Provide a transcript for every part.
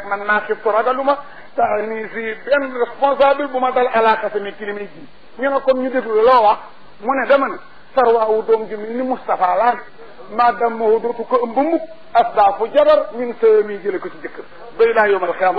ak man naa xiftu ragaluma tax nii si benn responsable bu ma dal alaakase mi ci li ji ñu ne kon ñu déglu loo wax mu ne dama ne sarwaawu doom ji mel ni Moustapha laan maadam ma dootu ko ëmb mukk asdaafu jabar min sëy mi jële ko ci jëkkër bay laa yomal xiyaam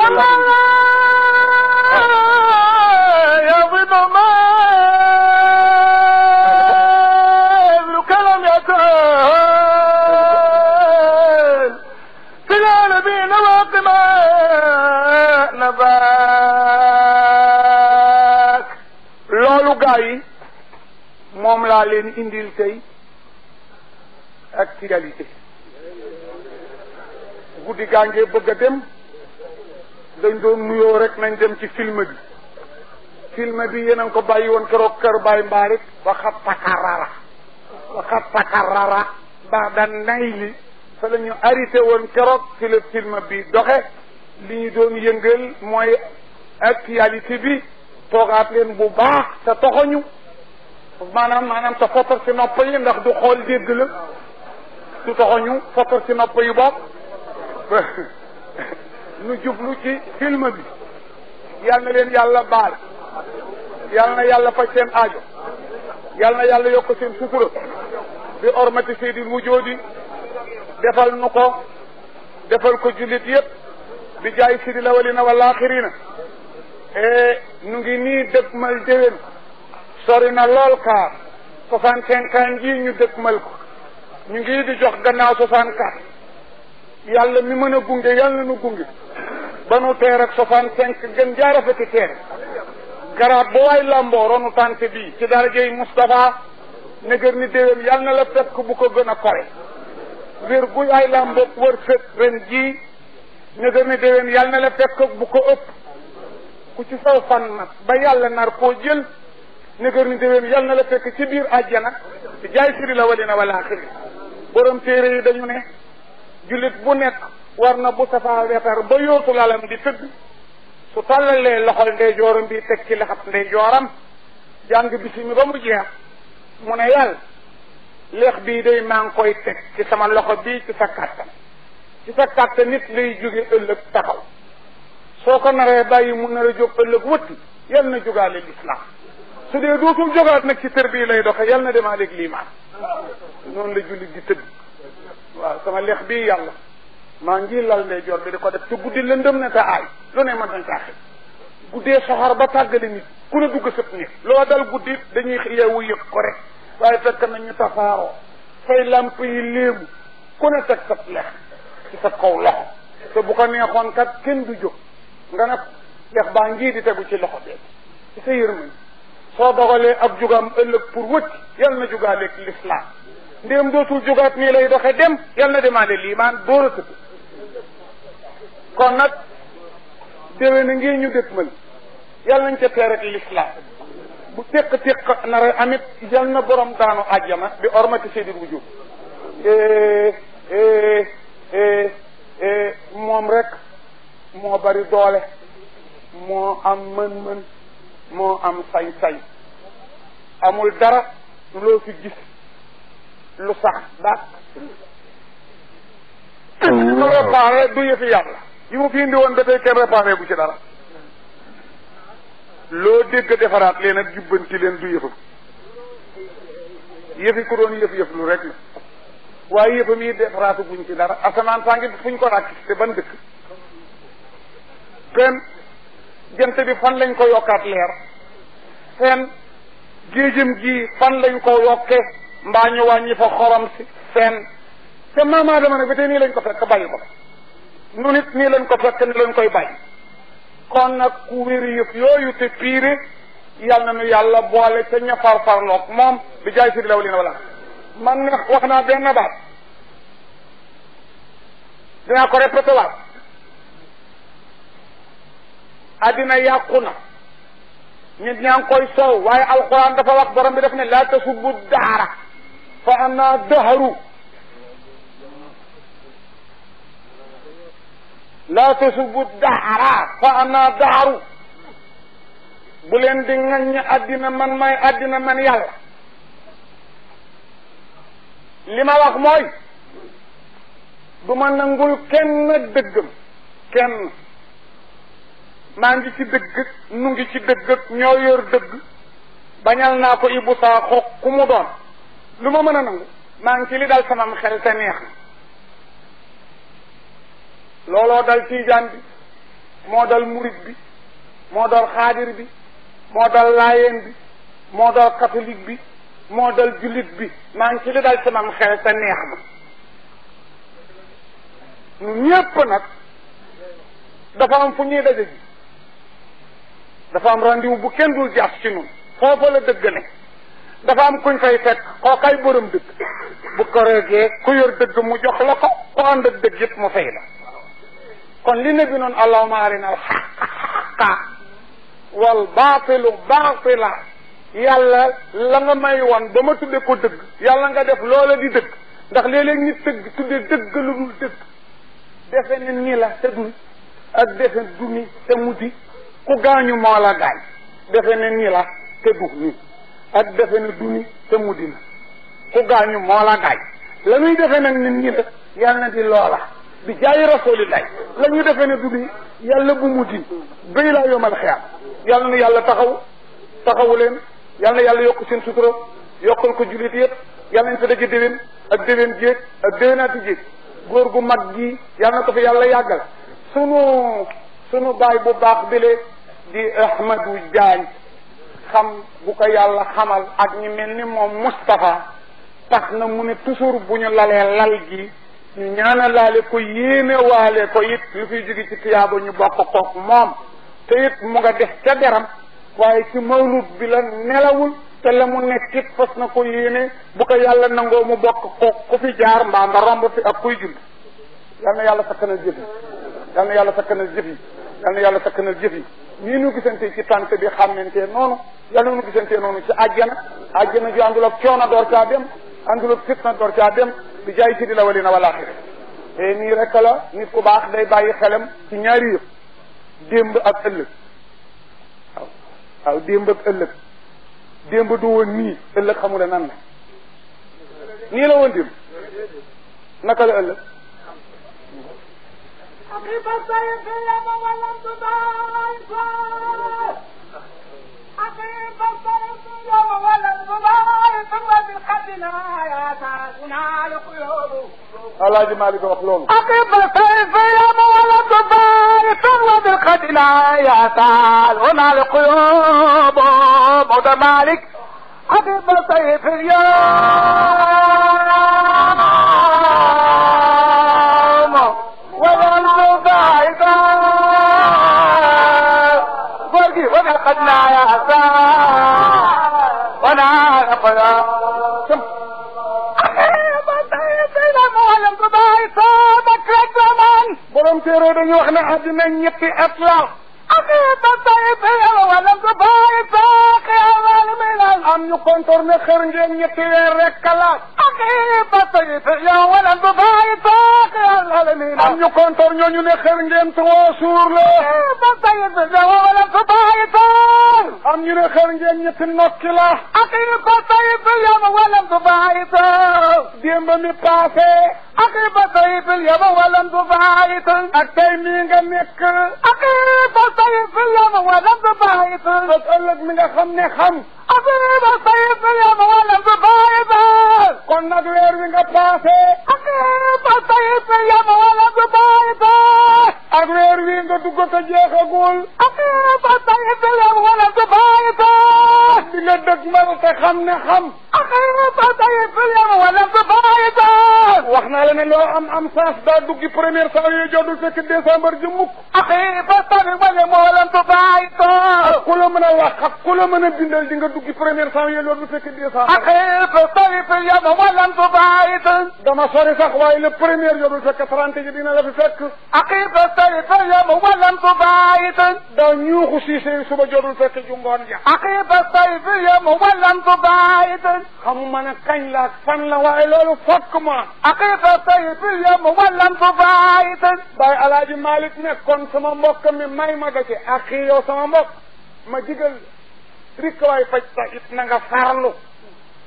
moom laa leen indil tey actualité guddi gaa ngee bëgg a dem dañ doon nuyoo rek nañ dem ci film bi film bi yéen a ko bàyyi woon keroog kër Baye Mbarick waxa pakarara waxa pakarara baax da nay li fa la ñu woon keroog ci le film bi doxe li ñu doon yëngal mooy actualité bi toogaat leen bu baax te toxoñu maanaam maanaam te fottar si nopp yi ndax du xool dégg la su taxoñu fottar si nopp yi bopp nu jublu ci film bi yal na leen yàlla baal yal na yàlla faj seen aajo yal na yàlla yokk seen sutura bi ormati seydil wujoodi defal nu ko defal ko jullit yépp bi jaay sidil awalina wal axirina e eh, nu ngi nii dëgmal déwén sori na lool kaar soixante cinq ans ngii ñu dëkkmal ko ñu ngi di jox gannaaw soixante quatre yàlla mi mën a gunge yàlla nu gunge ba nu teer ak soixante cinq gën jaarafeti teere garaat ba waay lamboo ronu fekk bu ko gën a kore wér bu waay lamboo wër fekk ren nëgër ni déwén yàlla na la fekk bu ko ëpp ku ci saw fan nag ba yàlla nar koo jël نكرني تبين يالنا لفك كبير أجانا جاي سري لولينا ولا آخر برم تيري دنيوني جلد بونك وارنا بوسفا ويفر بيوت العالم دي سد سطال اللي لحل دي جورم بي تكي لحط دي جورم جانج بسيمي بمجيه من يال لخ بي دي مان تك كسما لخ بي تفكاتا تفكاتا نت لي جوغي اللي تخل سوكنا ربا يمون رجوك اللي قوتي يالنا جوغالي الإسلام سيدي دوكم جوغات نك سي تربي لاي دوخ يالنا دي مالك لي ما نون لا جولي دي تب وا سما ليخ بي يالا ما نجي لال دي جور دي كو ديف تي غودي لندم نتا اي لو ني ما دان تاخ غودي سحار با تاغ دي نيت كو لا دوغ سب نيت لو دال غودي دي ني خيو ييك كوريك واي فك نا ني تفارو فاي لامب يي ليم كو نا تك سب ليخ سي سب كو لا سو بوكا ني خون كات كين دو جو nga nak def ba ngi di tegu ci loxo bi ci sa yermane soo dogalee ab jugaam ëllëg pour wëcc yal na jugaaleeg lislaam ndéem dootul jugaat nii lay doxe dem yal na demaale liimaan door a tëdd kon nag déwén a ngi ñu dëkkmal yal nañ ca teer ak lislaam bu teq teq nar a amit yal na borom daanu àjjana bi ormati seydil wujub moom rek moo bari doole moo am mën-mën moo am sañ-sañ amul dara loo fi gis lu sax dàq lu réparé du yëfi yàlla yi mu fi indi woon ba tey kenn réparé bu ci dara loo dégg defaraat leen ak jubbanti leen du yëfam yëfi ku doon yëf-yëf lu rek la waaye yëfam yi defaraatu buñ ci dara asamaan saa ngi fuñ ko ràkk te ban dëkk kenn jant bi fan lañ ko yokkaat leer seen géejëm gi fan lañ ko yokke mbaa ñu wàññi fa xorom si seen te maam Aadama nag ba tey nii lañ ko fekk bàyyi ba nu nit nii lañ ko fekk ni lañ koy bàyyi kon nag ku yëpp yooyu te piire yal nu yàlla boole ca ña far farloog moom bi jaay si di law li man na wax naa benn baat dinaa ko répété addina yàqu na nit ñaa koy soow waaye alquran dafa wax borom bi def ne laa tasubbu daara fa ana daharu laa tasubbu daara fa ana daharu bu leen di ŋaññi addina man may addina man yàlla li ma wax mooy du ma nangul kenn dëggam kenn maa ngi ci dëgg nu ngi ci dëgg ñoo yor dëgg bañal naa ko Ibou Sakho ku mu doon lu ma mën a nangu maa ngi ci li dal samam xel te neex na looloo dal tiijaan bi moo dal murit bi moo dal xaadir bi moo dal laayeen bi moo dal catholique bi moo dal jullit bi maa ngi ci li dal samam xel te neex ma ñun ñépp nag dafa am fu ñuy daje ji dafa am rendez bu kenn dul jàpp ci ñun foofa la dëgg ne dafa am kuñ fay fekk kookaay borom dëgg bu ko réegee ku yor dëgg mu jox la ko ku ànd ak dëgg yëpp mu fay la kon li ne bi noonu allahuma arina al xaqa wal baatilu baatila yàlla la nga may woon ba ma tudde ko dëgg yàlla nga def loola di dëgg ndax léeg nit tëgg tudde dëgg lu dul dëgg defe ne nii la te dul ak defe dumi te mu ku gaañu moo la gaañ defe ne ni la te du ni ak defe ne du ni te mu dina ku gaañu moo la gaañ la ñuy defe nag nit ñi la yàlla di loola bi jaay rasulillahi la ñu defe ne du ni yàlla bu mu di béy laa yomal xiyaam yàlla na yàlla taxaw taxawu leen yàlla yàlla yokk seen sutura yokkal ko jullit yëpp yàlla nañ fa daje déwén ak déwén jéeg ak déwénaati jéeg góor gu mag gi yàlla na ko fi yàlla yàggal sunu sunu baay bu baax bile di Ahmadou Diagne xam bu ko yàlla xamal ak ñu mel ni moom Moustapha tax na mu ne toujours bu ñu lalee lal gi ñu ñaanalaale ko yéene waale ko it lu fiy jóge ci tiyaaba ñu bokk kook moom te it mu nga def ca deram waaye ci mawlud bi la nelawul te la mu nekk fas na ko yéene bu ko yàlla nangoo mu bokk ko ku fi jaar mbaa nga romb fi ak kuy jul yal na yàlla sakkanal jëf yi yal na yàlla sakkanal jëf yi yal na yàlla sakkanal jëf yi nii nu gisante ci tànk bi xàmmante noonu yal na nu gisante noonu ci àjjana àjjana ju àndul ak coono door caa dem àndul ak fitna door dem di jaay ci di la walina wala axira te nii rek la nit ku baax day bàyyi xelam ci ñaari yëf démb ak ëllëg waaw waaw démb ak ëllëg démb du woon nii ëllëg xamule nan la nii la woon démb naka la ëllëg وألق السيف يما ولن تضاعفه ألق السيف يما ولن تضاعفه بالقتل يا تاجنا القلوب الله مالك مخلوق ألق السيف يما ولن تضاعفه بالقتل يا تاجنا القلوب مولى مالك ألق السيف يا يوحنا عد من يبي اطلع أخي الطيب يا ولا الضبايب أول من أم يكون ترني خرجين يتيرك كلاس أخيط الطيب يا ولا الضبايب أخي الظالمين أم يكون ترني يوني خرجين تواصور له أخيط الطيب يا ولا الضبايب أم يوني خرجين يتنكلا أخيط الطيب يا ولا الضبايب ديما مي باسي أقيب سيف اليد ولم تبايت أكيمين مك أقيب سيف اليد ولم تبايت أتقلق من خمني خم أقيب سيف اليد ولم تبايت كن نقوير من قباسي أقيب سيف اليد ولم تبايت أقوير من قدقة جيخ أقول أقيب سيف اليد ولم تبايت بلدك مرت خمني خم أقيب سيف اليد ولم nag wax naa la ne loo am am sens daa duggi première saa yooyu joodul fekk décembre ji mukk axi ba tari ak ku la a wax ak ku la a bindal di nga dugg première cent yéen loolu bu fekkee deux cent. ak xeeb tarif yam walan tu bàyyi dama sori sax waaye le premier fekk trente yi dina la fi fekk. ak xeeb tarif yam walan tu bàyyi suba jobul fekk ju ngoon ja. ak xeeb tarif yam walan tu bàyyi tan. xamuma ne la ak la waaye loolu fokk ma. ak xeeb tarif yam walan tu bàyyi tan. Baye Alaaji Malick nekkoon sama mbokk mi may ma da ci ak yow sama ma digal rikk waay faj sa it na nga farlu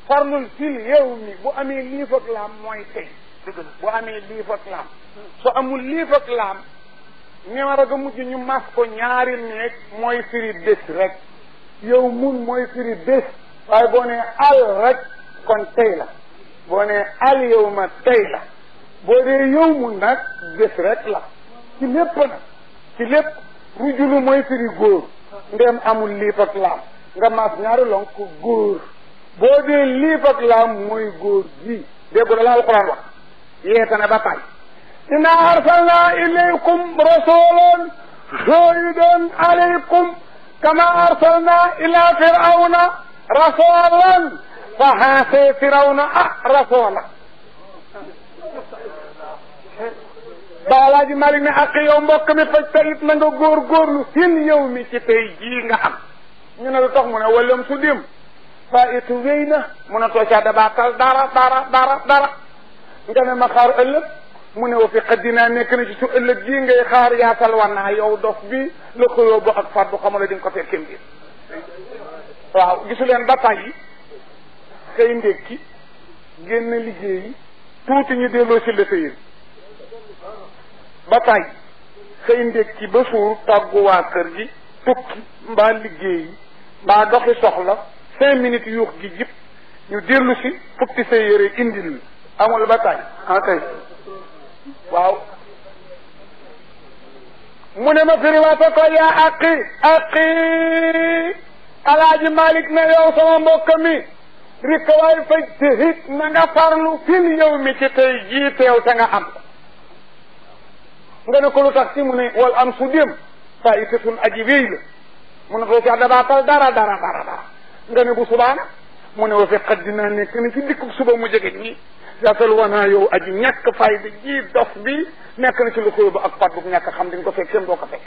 farlul fil mi bu amee liif ak laam mooy tey bu amee liif ak laam su amul liif ak laam ñewar a ga mujj ñu mas ko ñaari neeg mooy firi bés rek yow mun mooy firi waaye boo nee al rek kon tey la boo nee al yow ma tey la boo dee yow mun nag bés rek la ci lépp nag ci lépp rujulu mooy firi góor ndem amul liif ak laam nga maas ñaari lonk góor boo dee liif ak laam góor gi déggu da la alquran wax yeete ba tay inna arsalna ilaykum rasulan shahidan alaykum kama arsalna ila firawna rasulan fa haase firawna a ah, rasula ba alaaji Malick ne ak yow mbokk mi faj sa it na nga hin yow mi ci tey jii nga am ñu ne lu tax mu ne walam su dim fa itu wéy na mun a too caa dabaatal dara dara dara dara nga ne ma xaar ëllëg mu ne wa fi xaddinaa nekk na ci su ëllëg jii ngay xaar yaatal wannaa yow dof bi la ko yóbbu ak fardu xamala di nga ko fekkee mbir waaw gisu leen ba tàyyi xëy ndékki génn liggéeyi tuuti ñu delloo si la ba tàyyi xëy ndékki ba suur tàggu kër gi tukki mbaa liggéeyi mbaa doxi soxla cinq minutes yuux gi jib ñu dellu si fukki sa yére indil amul ba tàyyi ah, en waaw mu ne ma firiwaate ko yaa aqi aqi alaaji malik ne yow sama mbokk mi rikk waay faj te hit na nga farlu fil yow mi ci tey jii teew te nga am nga ne ko lu tax ci mu ne wal am su dem saa yi tëtun aji wéy la mu ne doo ca dabaatal dara dara dara dara nga ne bu subaana mu ne wa fi xat ne nekk ni ci dikkub suba mu jege nii yaatal wanaa yow aji ñàkk fay bi ji dof bi nekk na ci lu xëy ba ak pat bu ñàkk xam di nga ko fekk kenn doo ko fekk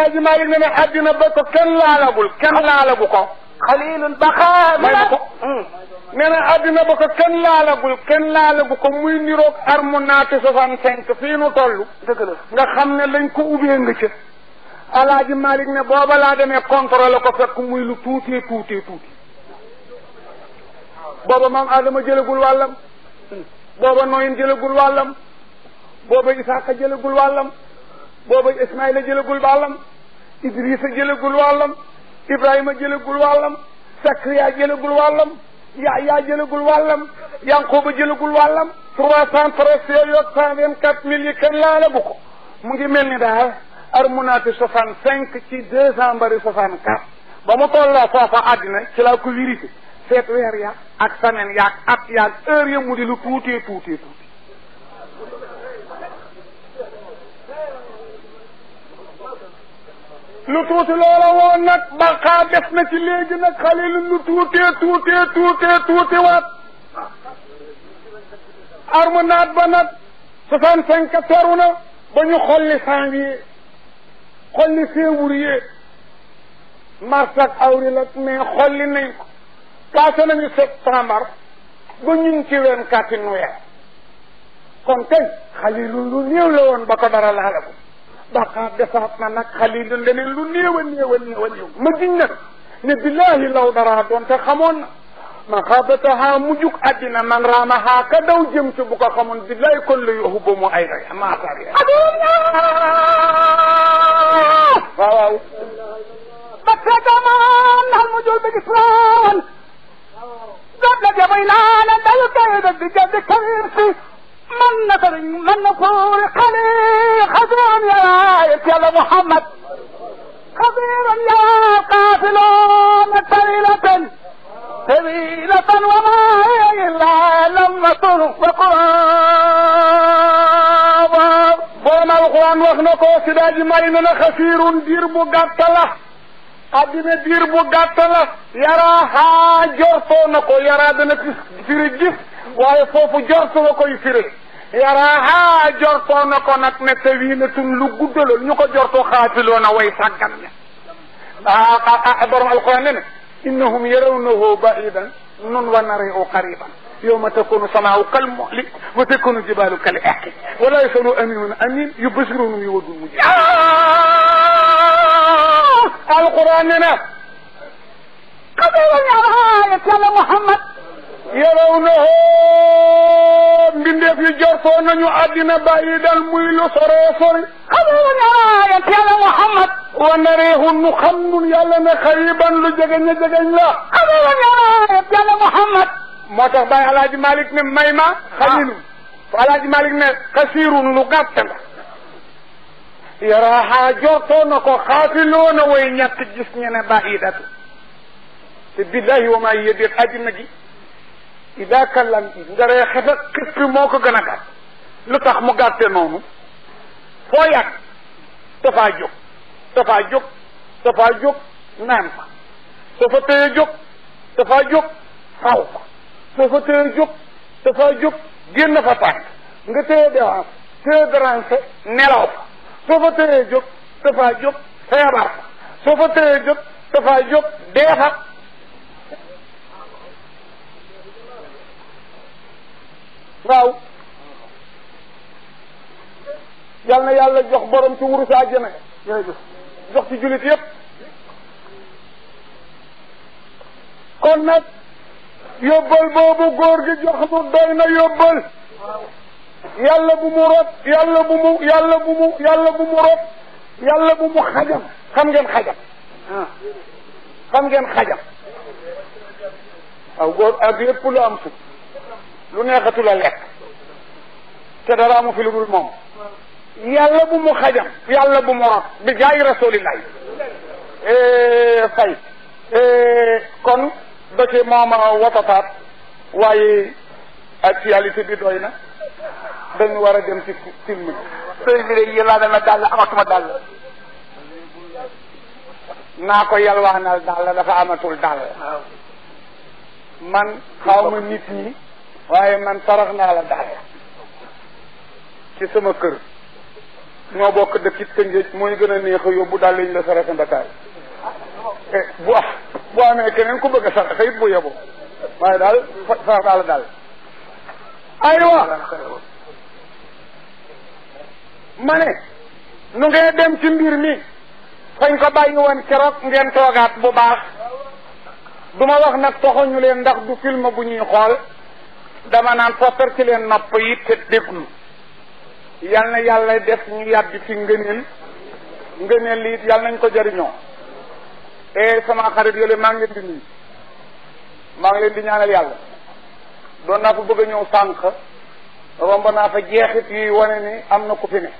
تاج ما يجي من حد نبضك كن لا لبول كن لا لبوك خليل البقاء من حد نبضك كن لا لبول كن لا لبوك مين يروك أرمونات سفان سينك فينو تلو دكتور نخمن لينكو وبيهن غيره الله جي مالك نه بابا لا دمي كونترول كو فك موي لو توتي توتي توتي بابا مام ادم جيلغول والام بابا نوين جيلغول والام بابا اسحاق جيلغول والام بابا اسماعيل جيلغول والام Idrissa jëlagul wàllam Ibrahima jëlagul wàllam Sakariya jëlagul wàllam Yahya jëlagul wàllam Yankuba jëlagul wàllam trois cent treize yooyu ak cent vingt quatre mille yi kenn laalagu ko mu ngi mel ni daal armunaati soixante cinq ci décembre soixante quatre ba mu tolloo foofa àddina ci laa ko wirité seet weer ya ak sanen yaag at yaag heure ya mu di lu tuutee tuutee tuutee lu tuuti loola woon nag baqaa des na ci léegi nag xale lu nu tuutee tuutee tuutee tuuti waat ba nag soixante cinq teru na ba ñu xolli janvier xolli février mars ak avril ak mai xolli nañ ko passé nañu septembre ba ñun ci wen kàttin kon tey xale lu lu la woon ba ko dara laala ko baqaar defaat na nag xalilun leneen lu néew a néew a néew a néew ma giñ na ne billaahi law daraa doonte xamoon na ma xaabatahaa mujjug àddina man raamahaa ka daw jëm ci bu ko xamoon billaahi kon la yoxu ba mu ay rey maatar ya waaw waaw بكتمان هم جل بكسران قبل جبيلان دلك إذا بجد كيرسي قدر من نقول خليل خدوم يا رايف يا محمد خبيرا يا قافل كليلة ثقيلة وما هي إلا لما ترفق بوما القرآن وخنا قوس داج خسير دير مقتلة أدنى دير مقتلة يرى ها جرتو نقو يرى دنا تسيري جس صوف جرتو نقو يراها جرتو نكو نك متوينه تون لو غودل نيوكو جرتو خافلونا وي سغان اه عبر القران انهم يرونه بعيدا نون ونري قريبا يوم تكون السماء كالم وتكون الجبال كالاحك ولا يكون امين امين يبشرهم يود المجد آه القران قبل يا محمد يرونه mbindeef yu jortoo nañu àddina bàyyi dal muy lu soree sori xamoon aayat yàlla muhammad wa nareexun nu xam nun yàlla ne xariban lu jegeñ a jegeñ la xamoon aayat yàlla muhammad moo tax bàyyi alaaji malik ne may ma xalilu alaaji malik ne xasiirun lu gàtt la yaraaxaa jortoo na ko xaafiloo na way ñàkk gis ñene bàyyi datu te billahi wa maa yeddeet àddina gi ida kallam i ngaree xefe xippi moo ko gën a gàtt lu tax mu gàtte noonu foo yàgg dafaa jóg dafaa jóg dafaa jóg naan ko fa soo fa téye jóg dafaa jóg génn fa tànk nga téye dérange téye dérange nelaw fa soo fa téye jóg dafaa jóg feebar fa soo fa téye jóg dafaa jóg dee fa waaw yal na yàlla jox borom ci wuru sa àjjana jox ci jullit yépp kon nag yóbbal boobu góor gi jox mu doy na yóbbal yàlla bu mu rot yàlla bu mu yàlla bu mu yàlla bu mu rot yàlla bu mu xajam xam ngeen xajam xam ngeen xajam waaw góor ak yépp lu am suuf lu neexatu la lekk te dara amu fi lu dul moom yàlla bu mu xajam yàlla bu mu rot bi jaay rasulillahi fay kon da ci moom a watataat waaye actualité bi doy na dañu war a dem ci film bi sëriñ bi de yëlaa dana dàll amatuma dàll naa ko yàlla wax na dàll dafa amatul dàll man xaw ma nit ñi waaye man torox naa la daal ci sama kër ñoo bokk dëkkit ka ngéej mooy gën a neex a yóbbu daal lañ la saraxe Ndakaar eh, bu ah bu amee keneen ku bëgg a saraxe it bu yeboo waaye daal sarax naa la daal aywa ma ne nu ngeen dem ci mbir mi fañ ko bàyyi woon keroog ngeen toogaat bu baax duma wax nag toxoñu leen ndax du film bu ñuy xool dama naan fopper ci leen nopp yi te déglu yal na yàlla def ñu yàbbi fi ngëneel ngëneel lii yal nañ ko jariñoo e sama xarit yooyu maa leen di nuyu maa ngi leen yàlla doon naa fa bëgg a ñëw sànq romb naa fa jeexit yuy wane ni am na ku fi ne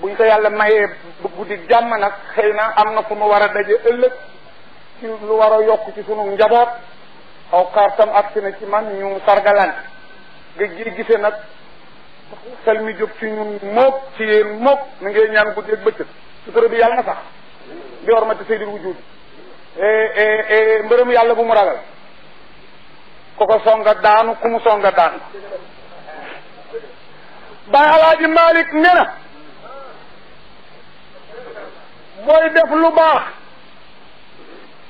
buñ ko yàlla mayee guddi jàmm nag xëy na am na fu nu war a daje ëllëg ci lu war a yokk ci sunu njaboot aw xartam agsi na ci man ñu sargalant gi gise nag xel mi jóg ci ñun mook ci yéen mook mi ngay ñaan guddeeg bëccëg sutura bi yàlla na sax bi war ma te seydil wujud e, e, e, mbërëm yàlla bu mu ragal ku ko songa daanu ku mu songa daanu Baay Alaaji Malik nee na booy def lu baax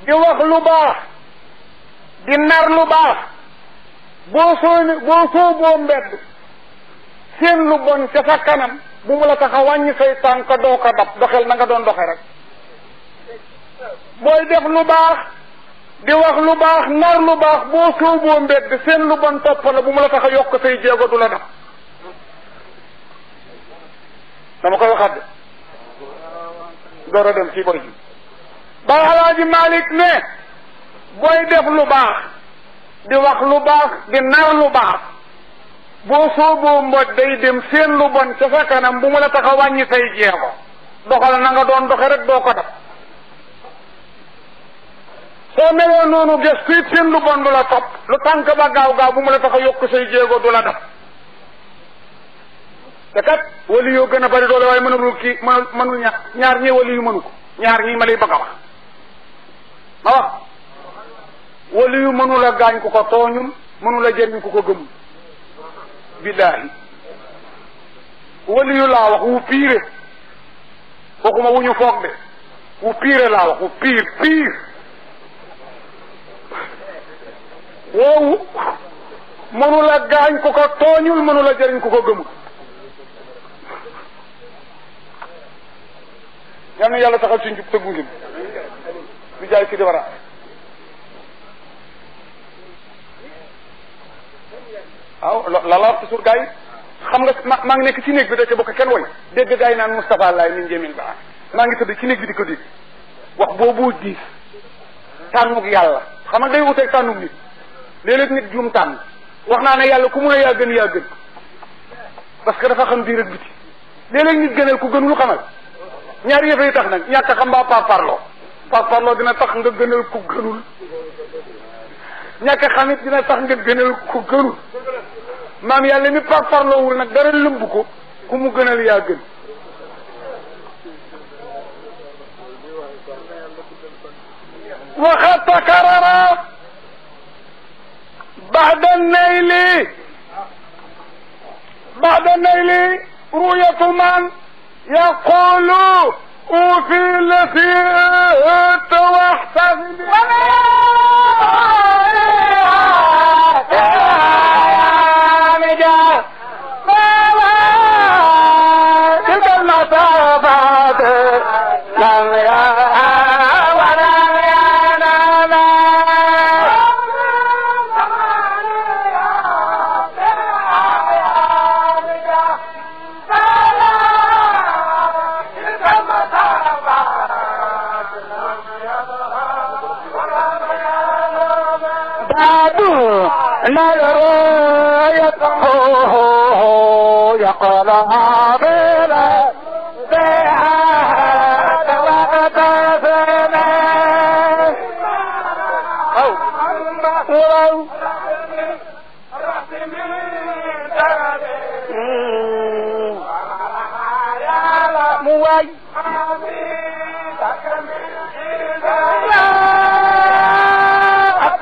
di wax lu baax di nar lu baax boo soo boo soo boo mbedd seen lu bon ca sa kanam bu mu la tax a wàññi say tànk doo ko dab doxel na nga doon doxe rek booy def lu baax di wax lu baax nar lu baax boo sóoboo mbedd seen lu bon topp la bu mu la tax a yokk say jéego du la dama koy waxaat de door a dem ci boy ji Baay Alaaji Malik ne booy def lu baax di wax lu baax di nar lu baax boo sooboo mboj day dem seen lu bon ca sa kanam bu mu la tax a wàññi say jeego doxal na nga doon doxe rek doo ko def soo meloo noonu gëstu it seen lu bon du la topp lu tànk ba gaaw gaaw bu mu la tax yokk say jéego du la def te kat wali yoo gën a bari doole waaye mënul kii mënul ñaar ñaar ñi yu mënu ko ñaar ñi ma lay bëgg a wax wala yu mënul a gaañ ku ko tooñul mënul a jëriñ ko gëmul billaahi wala yu laa wax wu piire kooku wu ñu foog de wu piire laa wax wu piir piir woowu mënul gaañ ku ko tooñul mënul a jëriñ ko gëmul yal na yàlla taxal ci njub tëggu njub bi jaay ki di wara waaw la la wax xam nga ma maa ngi nekk ci néeg bi da ca bokk kenn woy dégg gars yi naan Moustapha Laay min jéemin baax ah. maa ngi tëdd ci néeg bi di ko dégg wax boobu diis tànnug yàlla xam nga day wuteeg tànnug nit léeg-léeg nit juum tànn wax naa ne yàlla ku mun a yaa gën yaa gën parce que dafa xam biir ak biti léeg-léeg nit gënal ku gënul xamal ñaari yëf yi tax nag ñàkk a xam mbaa par parloo par parloo dina tax nga gënal ku gënul ñàkk a dina tax nga gënal ku مام يالي مي بار بار لو ول نا دارال لمبكو كومو گنال يا گن وخط كرر بعد النيل بعد النيل رؤية من يقول أوفي لفئة واحتفل فقال هابيل بأهد وقتفنا أو او موي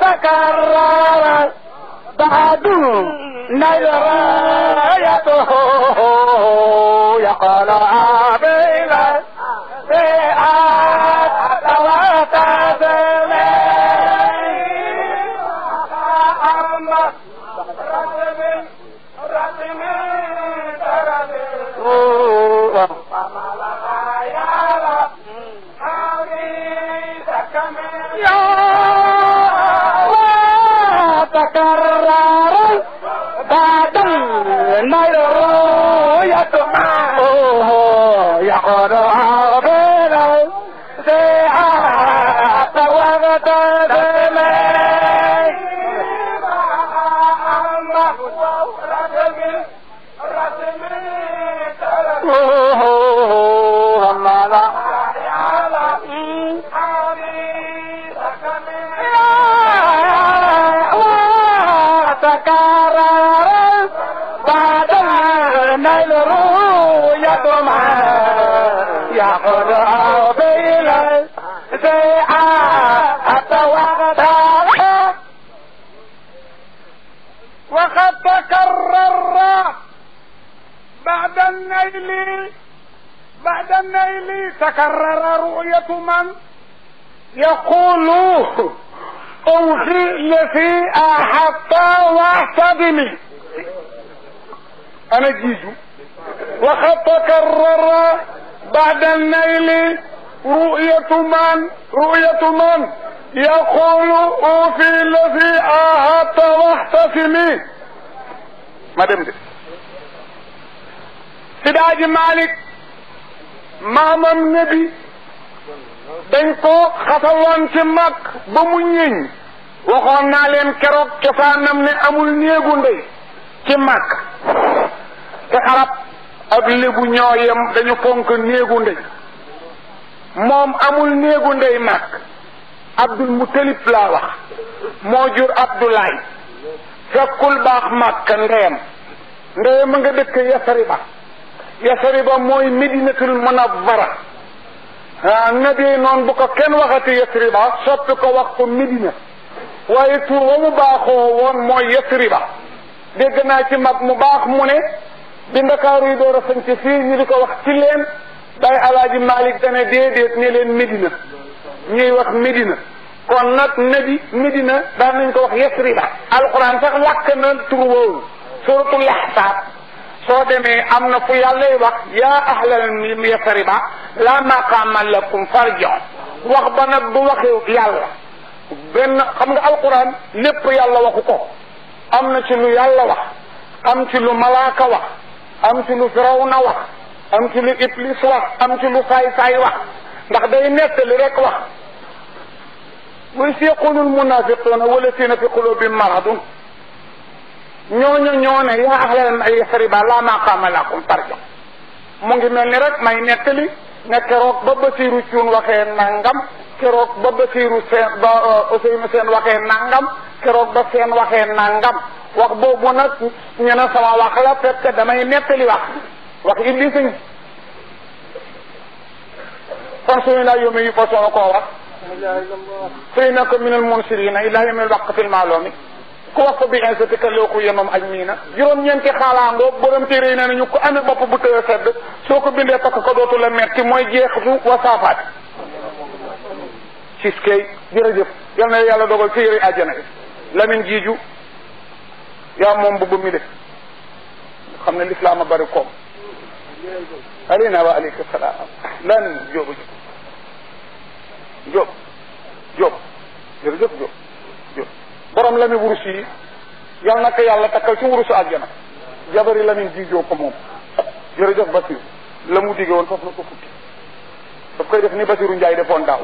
أتكرر بعد نيران takarara batang nairo ya oh ya النيل بعد النيل تكرر رؤية من يقول اوفي في حتى واحتدمي انا جيزو وقد تكرر بعد النيل رؤية من رؤية من يقول اوفي الذي اهت واحتسمي ما دمت sidaaji Malick maamam nebi dañ ko xasaloon ci mag ba mu ñëñ waxoon naa leen keroog cosaanam ne amul néegu ndey ci mag te arab ak lébu ñoo yem dañu fonk néegu ndey moom amul néegu ndey mag abdul mutalib laa wax moo jur abdoulaye fekkul baax mag ndeyam ndeyam a nga dëkk yasari ba yasriba mooy medinatul munawwara ah nabi noonu bu ko kenn waxati yasriba soppi ko wax ko medina waaye tur wa mu baaxoo woon mooy yasriba dégg naa ci mag mu baax mu ne bi ndakaaru yi door a sañ ci fii ñu di ko wax ci leen bay alaaji malik dana déedéet ne leen medina ñuy wax medina kon nag nabi medina daan nañ ko wax yasriba alquran sax làkk na tur woowu suratul ahzab soo demee am na fu yàllay wax yaa ahlal yasriba laa maqaama lakum farji'u wax ba nag du waxi yàlla benn xam nga alquran lépp yàlla waxu ko am na ci lu yàlla wax am ci lu malaaka wax am ci lu firawna wax am ci lu iblis wax am ci lu saay-saay wax ndax day nettali rek wax wa is yaqulu almunafiquna wallazina fi qulubihim maradun ñooñu ñoo ne yaa ahlal yasriba laa maqaama lakum farja mu ngi mel ni rek may nettali ne keroog ba Basiiru Cuun waxee nangam keroog ba seen ba uh, nangam wax boobu nag ñu ne sama wax la fekk damay nettali wax wax Iblis ngi kon suñu laa yómi yu fa soo koo wax. suy na ko minal munsirina ila yomil waqtil maaloomi kooku bi insité que looku yemam ak miina juróom-ñeenti xaalaangoo borom téere yi nee nañu ko amee bopp bu tëye sedd soo ko bindee takk ko dootu la metti mooy jeexu wasaafaat sis kay jërëjëf yal na yàlla dogal ci yëri àjjana lamin jiiju yaa moom bu mi de xam ne lislaam a bari koom alina wa aleyka salaam lan jóobu jóob jóob jërëjëf jóob boroom lami wurus yi yal na yàlla takkal ci wurusu àjjana jabari lamin jiijoo ko moom jërëjëf Basir la mu digge woon foofu la ko fukki daf koy def ni Basiru Njaay defoon daaw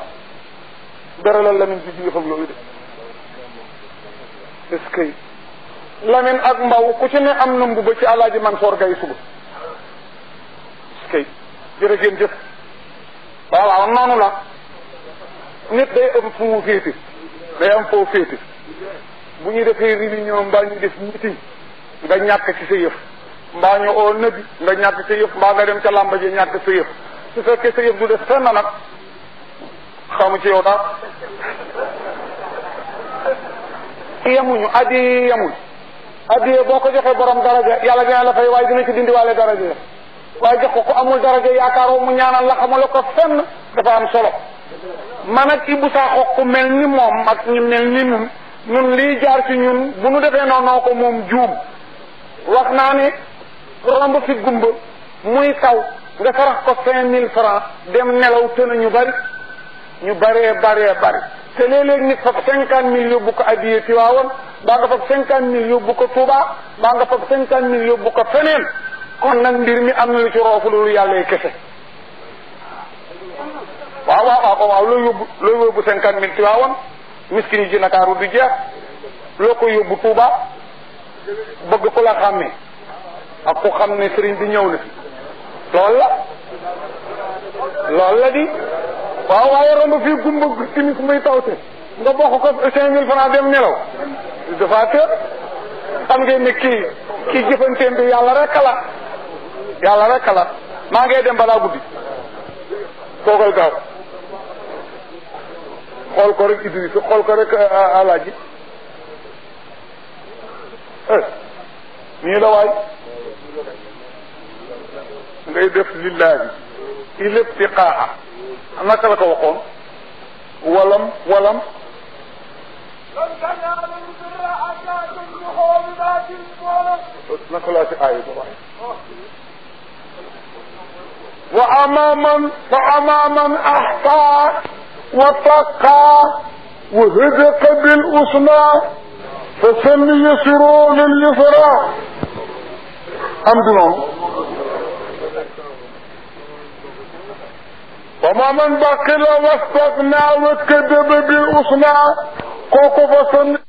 beralal lamin jiijoo xam yooyu de est-ce que lamin ak mbaw ku ci ne am na mbuba ci alaaji Mansoor Gay suba est-ce que jërë jëf waaw noonu la nit day am fu mu féete day am foo féete bu ñu defee réunion mbaa ñu def meeting nga ñàkk ci sa yëf mbaa ñu oo nëbbi nga ñàkk sa yëf nga dem ca làmba ji ñàkk sa yëf su fekkee sa yëf du def fenn nag xamu ci yow daal yemuñu addiye yemuñ addiye boo ko joxee borom daraja yàlla dina la fay waaye dina ci dindiwaale daraja waaye jox ko ku amul daraja yaakaaroo mu ñaanal la xamala ko fenn dafa am solo man ak Ibou Sakho ku mel ni moom ak mel ni ñun ñun lii jaar ci ñun bu nu defee noonoo ko moom juum wax naa ne romb fi gumba muy taw nga sarax ko cinq mille francs dem nelaw te ñu bari ñu baree baree bari te léeg-léeg nit fab cinquante mille yóbbu ko addiyee Tiwaawan baa nga fab cinquante mille yóbbu ko Tuubaa baa nga fab cinquante mille yóbbu ko feneen kon nag mbir mi am na lu ci roofu loolu yàlla kese waaw waaw waaw waaw yóbbu cinquante mille Tiwaawan miskin yi ci Ndakaaru du jeex loo ko yóbbu Touba bëgg ku la xàmmee ak ku xam ne sëriñ bi ñëw na fi loolu di waaw waaye romb fii gumba timis muy tawte nga bokk ko cinq mille francs dem nelaw dafa tër xam ngeen ne kii kii jëfanteem bi yàlla rek la yàlla rek la maa ngay dem balaa guddi toogal gaaw xool ko rek Idriss xool ko rek euh, euh, alaaji eh, nii la waay ngay def lillaahi il ibtiqaa naka la ko waxoon walam walam naka laa ci aaya wa amaman fa amaman ahsaa وطقى وهدق بالأصنع فسم يسروا لليسرى حمدهم وما من بقل واستغنى وكذب بالأصنع كوكو فسن